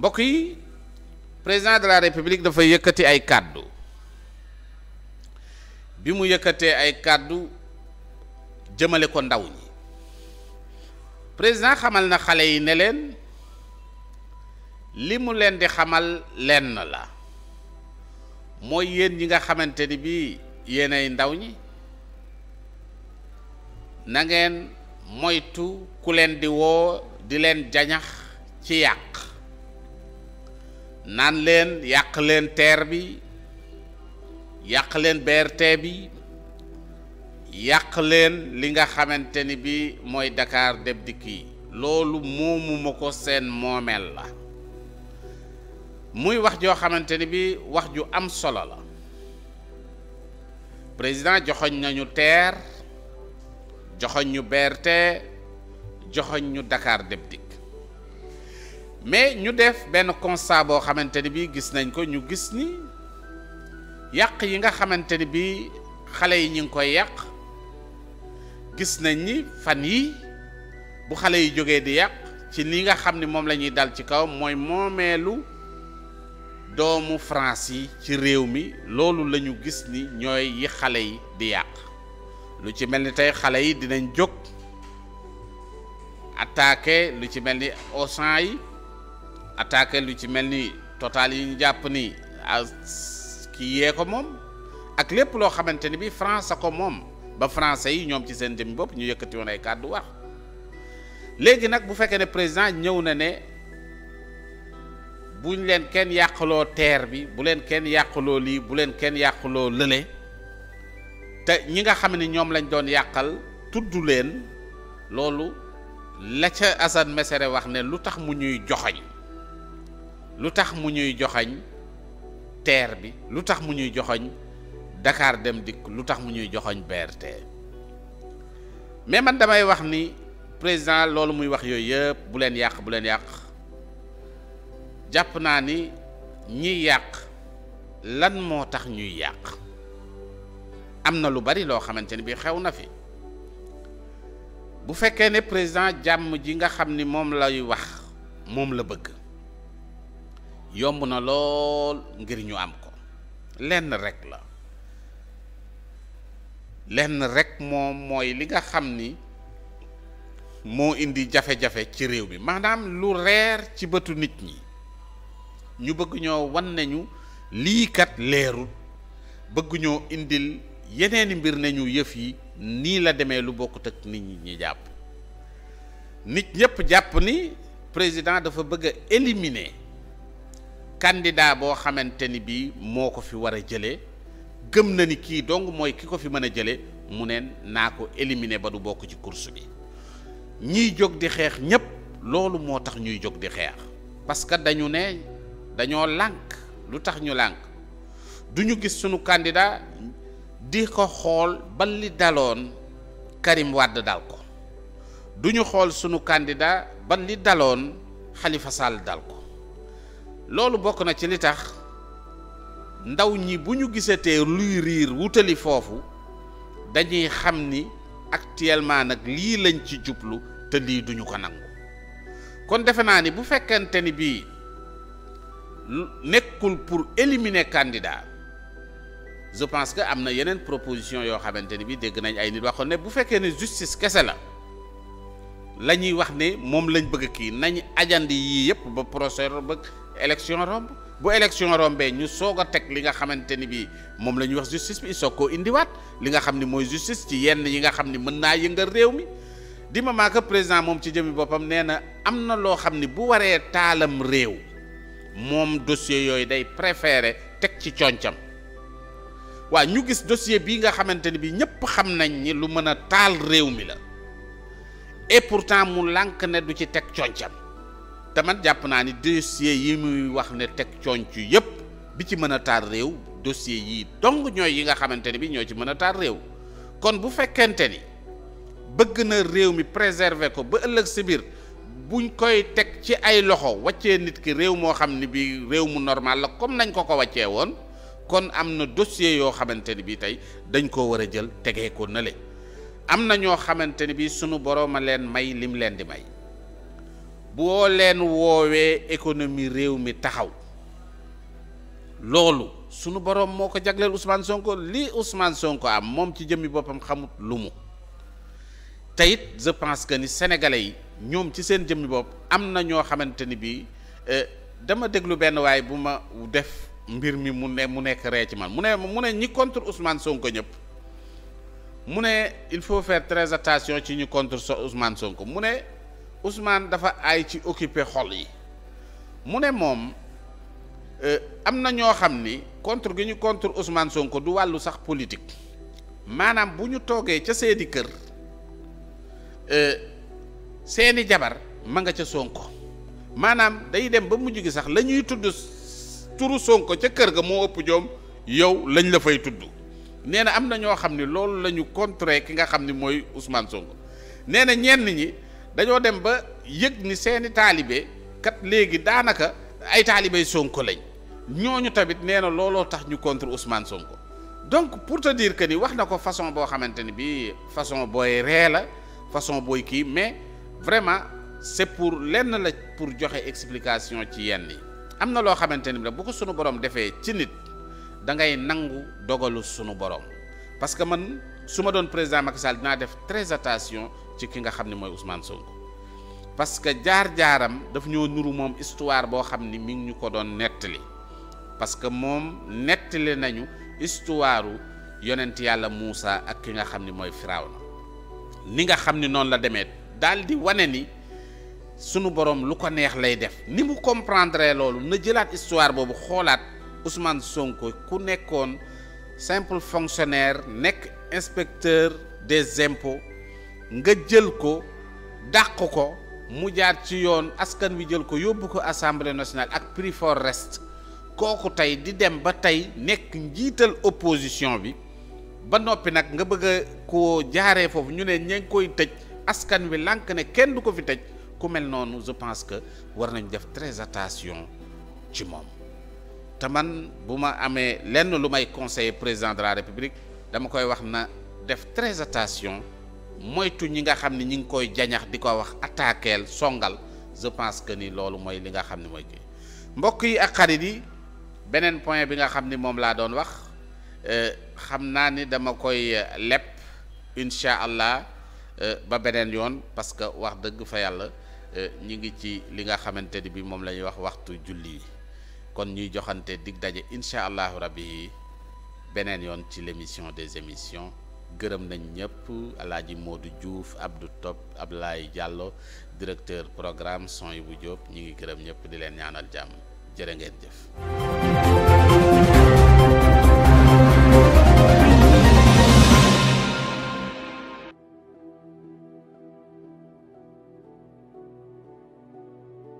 mbokk yi président de la république dafa yëkkati ay kàddu bi mu yëkkatee ay kàddu jëmale ko ndaw ñi président xamal na xale yi ne leen li mu leen di xamal lenn la mooy yéen ñi nga xamante ni bii yéen ay ndaw ñi nangeen moytu ku leen di woo di leen jañax ci yàq naan leen yàq leen teer bi yàq leen BRT bi yàq leen li nga xamante ni bi mooy Dakar Dem Dikk yi loolu moomuma ko seen moomeel la muy wax joo xamante ni bi wax ju am solo la président joxoñ nañu TER joxoñ ñu BRT joxoñ ñu dakaar Dem mais ñu def benn constat boo xamante ni bii gis nañ ko ñu gis ni yàq yi nga xamante ni bi xale yi ñu ngi koy yàq gis nañ ni fan yi bu xale yi jógee di yàq ci li nga xam ni moom lañuy dal ci kaw mooy moomeelu doomu France yi ci réew mi loolu lañu gis ni ñooy yi xale yi di yàq lu ci mel ni tey xale yi dinañ jóg attaquer lu ci mel ni Auchan yi attaqué lu ci mel ni total yi ñu jàpp ni kii yee ko moom ak lépp loo xamante ni bi France ko moom ba français yi ñoom ci seen jëm bopp ñu yëkkati woon ay kàddu wax léegi nag bu fekkee ne président ñëw na ne buñ leen kenn yàqaloo terre bi bu leen kenn yàqaloo lii bu leen kenn yàqaloo lële te ñi nga xam ne ñoom lañ doon yàqal tudd leen loolu la ca Assane Mesere wax ne lu tax mu ñuy joxañ lu tax mu ñuy joxañ TER bi lu tax mu ñuy joxoñ dakaar Dem Dikk lu tax mu ñuy joxoñ beerte mais man damay wax ni président loolu muy wax yooyu yëpp bu leen yàq bu leen yàq jàpp naa ni ñiy yàq lan moo tax ñuy yàq am na lu bari loo xamante ni bi xew na fi bu fekkee ne président jàmm ji nga xam ni moom lay wax moom la bëgg yomb na lool ngir ñu am ko lenn rek la lenn rek moom mooy li nga xam ni moo indi jafe-jafe ci réew mi maanaam lu reer ci bëtu nit ñi ñu bëgg ñoo wan nañu liikat kat leerul bëgg ñoo indil yeneeni mbir nañu yëf yi nii la demee lu bokkut ak nit ñi ñi jàpp nit ñëpp jàpp ni président dafa bëgg a kandidaa boo xamante ni bii moo ko fi war a jëlee gëm na ni kii donc mooy ki ko fi mën a jëlee mu neen naa ko éliminer ba du bokk ci course bi ñiy jóg di xeex ñépp loolu moo tax ñuy jóg di xeex parce que dañu ne dañoo lànk lu tax ñu lànk duñu gis sunu candidat di ko xool ba li daloon Karim wàdd dal ko duñu xool sunu candidat ba li daloon xalifa Sall dal ko loolu bokk na ci li tax ndaw ñi bu ñu gisatee luy riir wutali foofu dañuy xam ni actuellement nag lii lañ ci jublu te lii duñu ko nangu kon defe naa ni bu fekkente ni bii nekkul pour éliminer candidat je pense que am na yeneen proposition yoo xamante ni bii dégg nañ ay nit waxoon ne bu fekkee ne justice kese la la ñuy wax ne moom lañ bëgg kii nañ ajandi yii yëpp ba procès ba élection romb bu élection rombee ñu soog a teg li nga xamante ni bii moom la ñuy wax justice bi soog koo indiwaat li nga xam ni mooy justice ci yenn yi nga xam ni mën naa yëngal réew mi di moment que président moom ci jëmi boppam nee na am na loo xam ni bu waree taalam réew moom dossier yooyu day préféré teg ci concam waa ñu gis dossier bii nga xamante ni bii ñëpp xam nañ ni lu mën a taal réew mi la et pourtant mu lànk ne du ci teg concam te man jàpp naa ni dossier yi muy wax ne teg conc yépp bi ci mën a taar réew dossier yii dong ñooy yi nga xamante ni bi ñoo ci mën a taar réew kon bu fekkente ni bëgg na réew mi préserver ko ba ëllëg si biir buñ koy teg ci ay loxo wàccee nit ki réew moo xam ni bi réew mu normal la comme nañ ko ko wàccee woon kon am na dossier yoo xamante ni bi tey dañ koo war a jël tegee ko nële am na ñoo xamante ni bi sunu borom a leen may lim leen di may boo leen woowee économie réew mi taxaw loolu suñu boroom moo ko jagleel Ousmane Sonko li Ousmane Sonko am moom ci jëmmi boppam xamut lu mu te it je ni sénégalais yi ñoom ci seen jëmmi bopp am na ñoo xamante ni bii euh, dama déglu benn waay bu ma def mbir mi mu ne mu nekk ree ci man mu ne mu ne ñi contre Ousmane Sonko ñëpp mu ne il faut faire très attention ci ñi contre Ousmane Sonko mu ne. Ousmane dafa aay ci occuper xol yi mu ne moom euh, am na ñoo xam ni contre gi ñu contre Ousmane Sonko du wàllu sax politique maanaam bu ñu toogee ca seeni kër euh, seeni jabar ma nga ca Sonko maanaam day dem ba mujj gi sax la ñuy tudd turu Sonko ca kër ga moo ëpp joom yow lañ la fay tudd nee na am na ñoo xam ni loolu la ñu contrer ki nga xam ni mooy Ousmane sonk nee na ñenn ñi. dañoo dem ba yëg ni seeni taalibe kat léegi daanaka ay taalibey Sonko lañ ñooñu tamit nee na looloo tax ñu contre son ko donc pour te dire que ni wax na ko façon boo xamante ni bii façon booy ree la façon booy kii mais vraiment c'est pour lenn la pour joxe explication ci yenn yi am na loo xamante ni bi bu ko sunu borom defee ci nit da ngay nangu dogalu sunu borom parce que man su ma doon président Macky Sall dinaa def très attention ci ki nga xam ne mooy Ousmane Sonko parce que jaar-jaaram daf ñoo nuru moom histoire boo xam ni mi ngi ñu ko doon nettali parce que moom nettali nañu histoire yonent yàlla Moussa ak ki nga xam ni mooy Firawna ni nga xam ni noonu la demee daal di wane ni sunu borom lu ko neex lay def ni mu comprendre loolu na jëlaat histoire boobu xoolaat Ousmane Sonko ku nekkoon simple fonctionnaire nekk inspecteur des impôts nga jël ko dàq ko mu jaar ci yoon askan wi jël ko yóbbu ko assemblée nationale ak prix for reste kooku tey di dem ba tey nekk njiital opposition bi ba noppi nag nga bëgg a koo jaaree foofu ñu ne ña ngi koy tëj askan wi lànk ne kenn du ko fi tëj ku mel noonu je pense que war nañu def très attention ci moom te man bu ma amee lenn lu may conseiller président de la république dama koy wax na def très attention moytu ñi nga xam ni ñi ngi koy jañax di ko wax attaqueel songal je pense que ni loolu mooy li nga xam ne mooy kii mbokk yi ak xarit yi beneen point bi nga xam ni moom laa doon wax euh, xam naa ni dama koy euh, lepp incha allah euh, ba beneen yoon parce que wax dëgg fa yàlla ñi ngi ci li nga xamante ni bi moom la ñuy wax waxtu julli yi kon ñuy joxante dig daje incha allahu rab yi beneen yoon ci l'émission des émissions gërëm nañ ñëpp alaaji Modou Diouf Abdou Top Ablaye jàlloo directeur programme son yi bu Diop ñi ngi gërëm ñëpp di leen ñaanal jàmm jërë ngeen jëf